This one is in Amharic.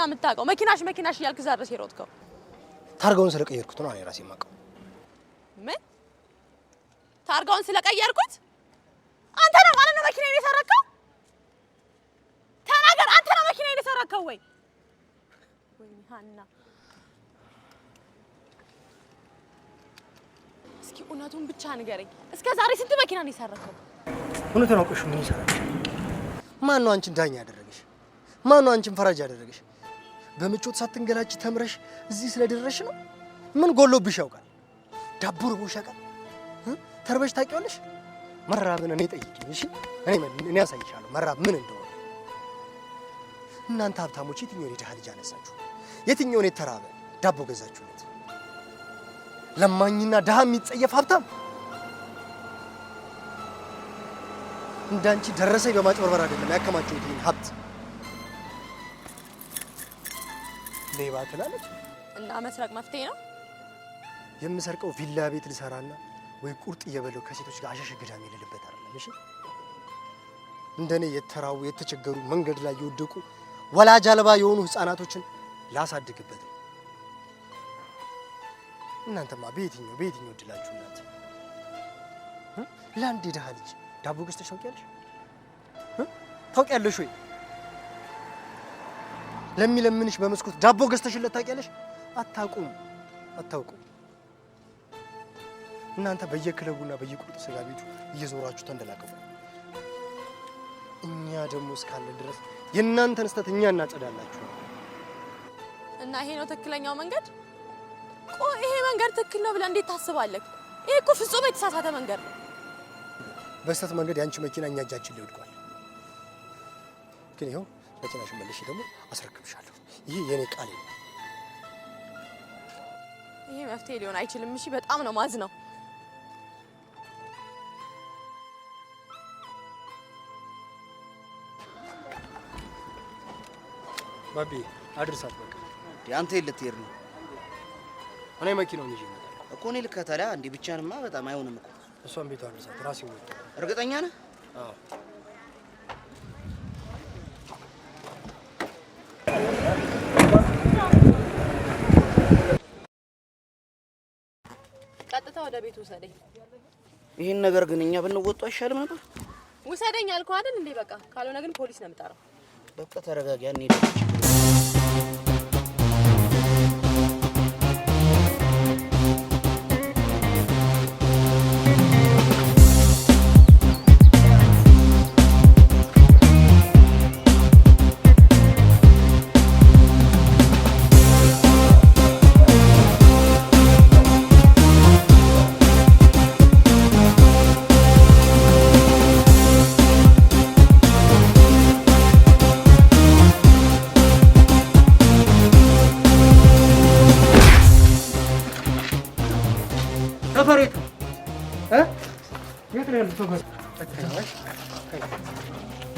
ምንድነው የምታውቀው? መኪናሽ መኪናሽ እያልክ እዛ ድረስ የሮጥከው? ታርጋውን ስለቀየርኩት ነው እኔ ራሴ የማውቀው። ምን ታርጋውን ስለቀየርኩት? አንተ ነው ማለት ነው መኪናዬን የሰረከው? ተናገር፣ አንተ ነው መኪናዬን የሰረከው ወይ? ወይ ሀና፣ እስኪ እውነቱን ብቻ ንገረኝ። እስከ ዛሬ ስንት መኪና ነው የሰረከው? እውነቱን አውቀሽ ምን ይሰራል? ማን ነው አንቺን ዳኛ ያደረገሽ? ማን ነው አንቺን ፈራጅ ያደረገሽ? በምቾት ሳትንገላጭ ተምረሽ እዚህ ስለደረሽ ነው። ምን ጎሎብሽ ያውቃል? ዳቦ ርቦሽ ያውቃል? ተርበሽ ታውቂዋለሽ? መራብን እኔ ጠይቂኝ እሺ። እኔ እኔ ያሳይሻለሁ መራብ ምን እንደሆነ። እናንተ ሀብታሞች የትኛውን የድሃ ልጅ አነሳችሁ? የትኛውን የተራበ ዳቦ ገዛችሁለት? ለማኝና ድሃ የሚጸየፍ ሀብታም እንዳንቺ ደረሰኝ በማጭበርበር አይደለም ያከማቸው ይህን ሀብት ሌባ ትላለች እና መስረቅ መፍትሄ ነው። የምሰርቀው ቪላ ቤት ልሰራና ወይ ቁርጥ እየበለው ከሴቶች ጋር አሸሽ ግዳሜ ልልበት አይደለም። እሺ እንደኔ የተራቡ የተቸገሩ መንገድ ላይ የወደቁ ወላጅ አልባ የሆኑ ህፃናቶችን ላሳድግበት ነው። እናንተማ በየትኛው በየትኛው እድላችሁ እናንተ ለአንድ የድሃ ልጅ ዳቦ ገዝተሽ ታውቂያለሽ? ታውቂያለሽ ወይ? ለሚለምንሽ በመስኮት ዳቦ ገዝተሽለት ታውቂያለሽ? አታውቁም፣ አታውቁም። እናንተ በየክለቡና በየቁርጥ ስጋ ቤቱ እየዞራችሁ ተንደላቀቁ። እኛ ደግሞ እስካለን ድረስ የእናንተን ስህተት እኛ እናጸዳላችሁ። እና ይሄ ነው ትክክለኛው መንገድ? ቆይ ይሄ መንገድ ትክክል ነው ብለህ እንዴት ታስባለህ? ይሄ እኮ ፍጹም የተሳሳተ መንገድ ነው። በስህተት መንገድ የአንቺ መኪና እኛ እጃችን ሊወድቋል። ግን ይኸው መኪናሽን መልሼ ደግሞ አስረክብሻለሁ። ይህ የኔ ቃል ነው። ይሄ መፍትሄ ሊሆን አይችልም። እሺ፣ በጣም ነው ማዝ ነው። ባቢ አድርሳት። በቃ አንተ የት ልትሄድ ነው? እኔ መኪናውን ይዤ እመጣለሁ እኮ። እኔ ልከተላ እንዴ? ብቻንማ በጣም አይሆንም እኮ። እሷን ቤቷ አድርሳት። ራሴ ወጣ። እርግጠኛ ነህ? አዎ ወደ ቤት ውሰደኝ። ይህን ነገር ግን እኛ ብንወጡ አይሻልም ነበር? ውሰደኝ አልከው አይደል እንዴ? በቃ ካልሆነ ግን ፖሊስ ነው የምጠራው። በቃ ተረጋጊ። 来，走吧。哎，来，来。